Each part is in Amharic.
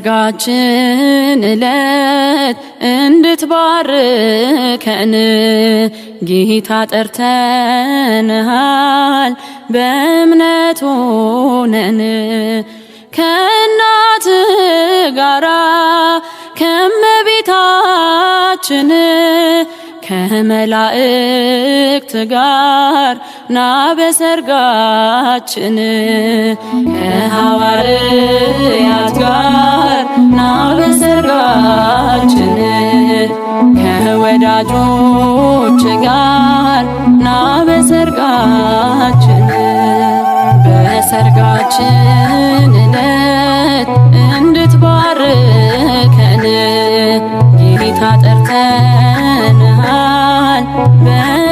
የሰርጋችን ዕለት እንድትባርከን ጌታ ጠርተንሃል በእምነት ሆነን ከእናት ጋራ ከመቤታችን ከመላእክት ጋር ና በሰርጋችን ከሐዋርያት ጋር ና በሰርጋችን ከወዳጆች ጋር ና በሰርጋችን በሰርጋችን እንድትባርከ ቦታ ጠርተናል። በ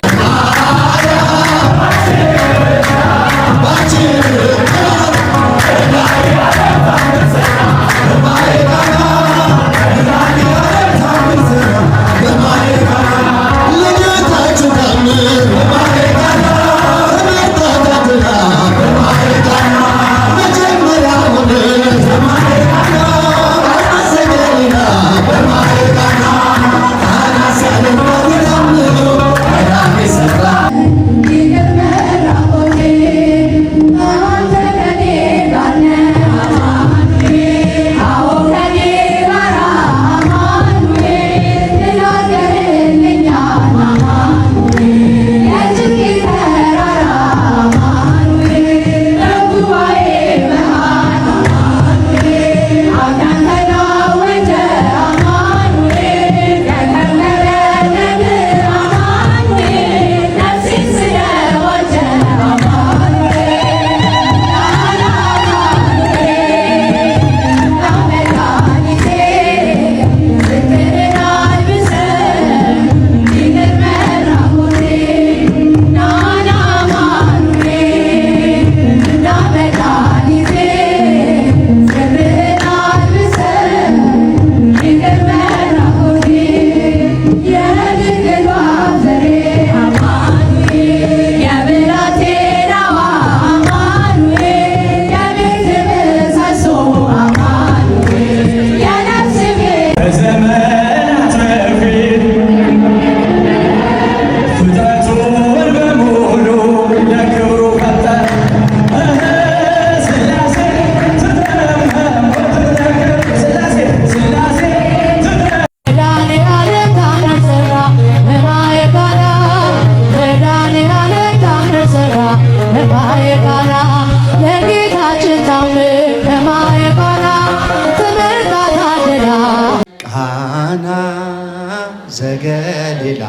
ሌላ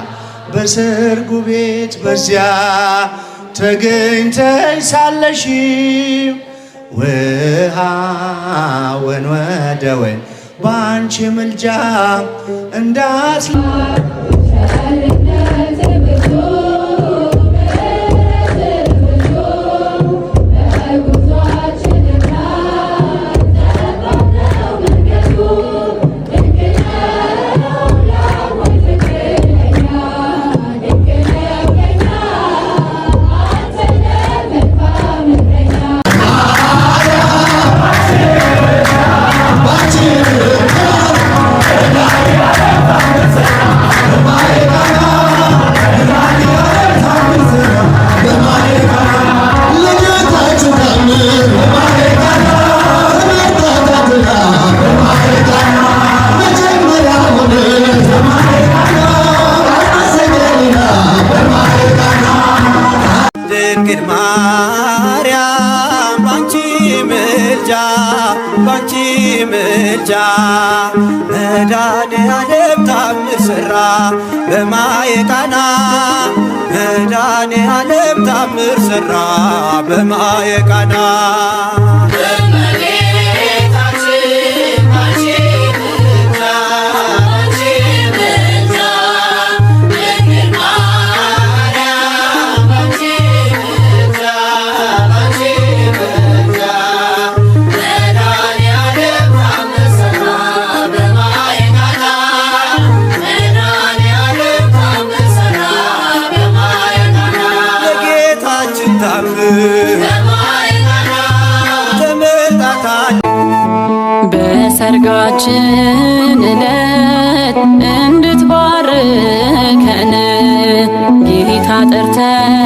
በሰርጉ ቤት በዚያ ተገኝተሽ ሳለሽ ወን ወደ ወይን በአንቺ ምልጃ እንዳስ መዳን ዓለም ታምር ሠራ በማየ ቃና መዳን ዓለም ታምር ሠራ በማየ ቃና በሰርጋችን ዕለት እንድትባርከን ጌታ ጠርተን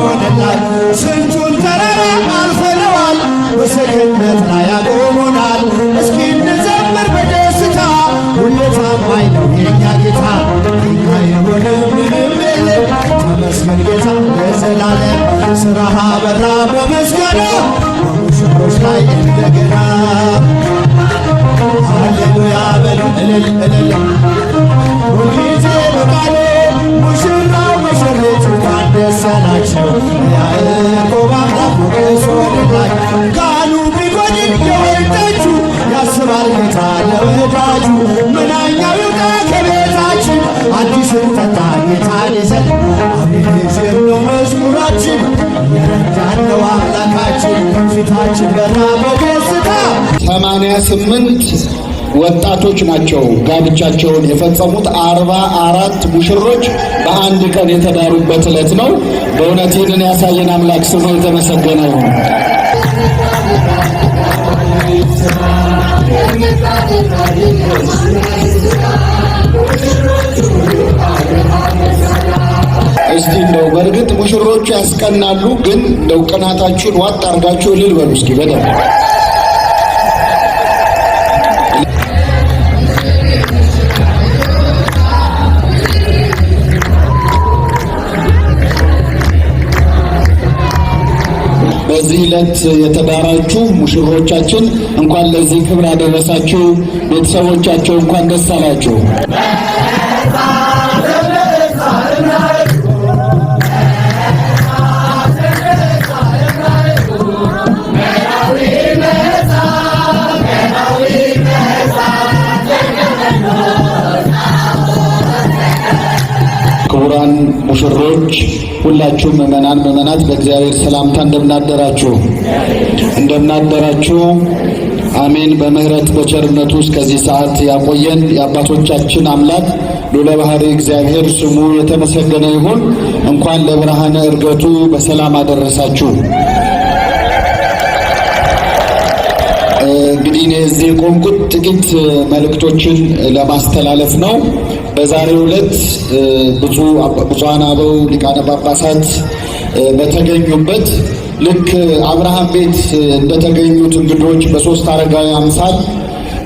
ይሆንናል። ስንቱን ተራራ አልፈነዋል፣ ምስክነት ላይ ያቆሙናል። እስኪ እንዘምር በደስታ ሁሌ ታማኝ ነው የኛ ጌታ። የኛ የሆነ ምንም የለም፣ ተመስገን ጌታ ለዘላለም። ስራህ በራ በመስገና በሙሽሮች ላይ እንደገና ሃሌሉያ በሉ እልል እልል ሁልጊዜ በቃሌ የወሰናቸው ያዕቆብ አምላክ ሞገስ ሆኖናል። ቃሉ ቢጎድል የወይን ጠጁ ያስባል ጌታ ለወዳጁ። ምናኛው ይውጣ ከቤታችን አዲስን ጠጣ ጌታን ይዘን አቤዜር ነው መዝሙራችን የረዳን ነው አምላካችን ፊታችን በራ በደስታ ሰማንያ ስምንት ወጣቶች ናቸው ጋብቻቸውን የፈጸሙት። አርባ አራት ሙሽሮች በአንድ ቀን የተዳሩበት ዕለት ነው። በእውነት ይህንን ያሳየን አምላክ ስሙ የተመሰገነ ይሁን። እስቲ እንደው በእርግጥ ሙሽሮቹ ያስቀናሉ፣ ግን እንደው ቅናታችሁን ዋጥ አርጋችሁ ልልበሉ እስኪ በደንብ በዚህ ዕለት የተዳራችሁ ሙሽሮቻችን እንኳን ለዚህ ክብር አደረሳችሁ። ቤተሰቦቻቸው እንኳን ደስ አላችሁ። ክቡራን ሙሽሮች፣ ሁላችሁም ምእመናን ምዕመናት በእግዚአብሔር ሰላምታ እንደምናደራችሁ እንደምናደራችሁ። አሜን። በምህረት በቸርነቱ እስከዚህ ሰዓት ያቆየን የአባቶቻችን አምላክ ሉለ ባህሪ እግዚአብሔር ስሙ የተመሰገነ ይሁን። እንኳን ለብርሃነ እርገቱ በሰላም አደረሳችሁ። እንግዲህ እኔ እዚህ የቆምኩት ጥቂት መልእክቶችን ለማስተላለፍ ነው። በዛሬው ዕለት ብፁዓን አበው ሊቃነ ጳጳሳት በተገኙበት ልክ አብርሃም ቤት እንደተገኙት እንግዶች በሶስት አረጋዊ አምሳል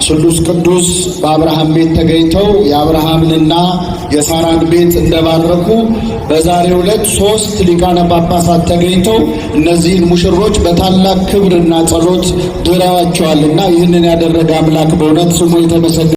ስሉስ ቅዱስ በአብርሃም ቤት ተገኝተው የአብርሃምንና የሳራን ቤት እንደባረኩ በዛሬው ዕለት ሶስት ሊቃነ ጳጳሳት ተገኝተው እነዚህን ሙሽሮች በታላቅ ክብርና ጸሎት ድረዋቸዋልና ይህንን ያደረገ አምላክ በእውነት ስሙ የተመሰገነ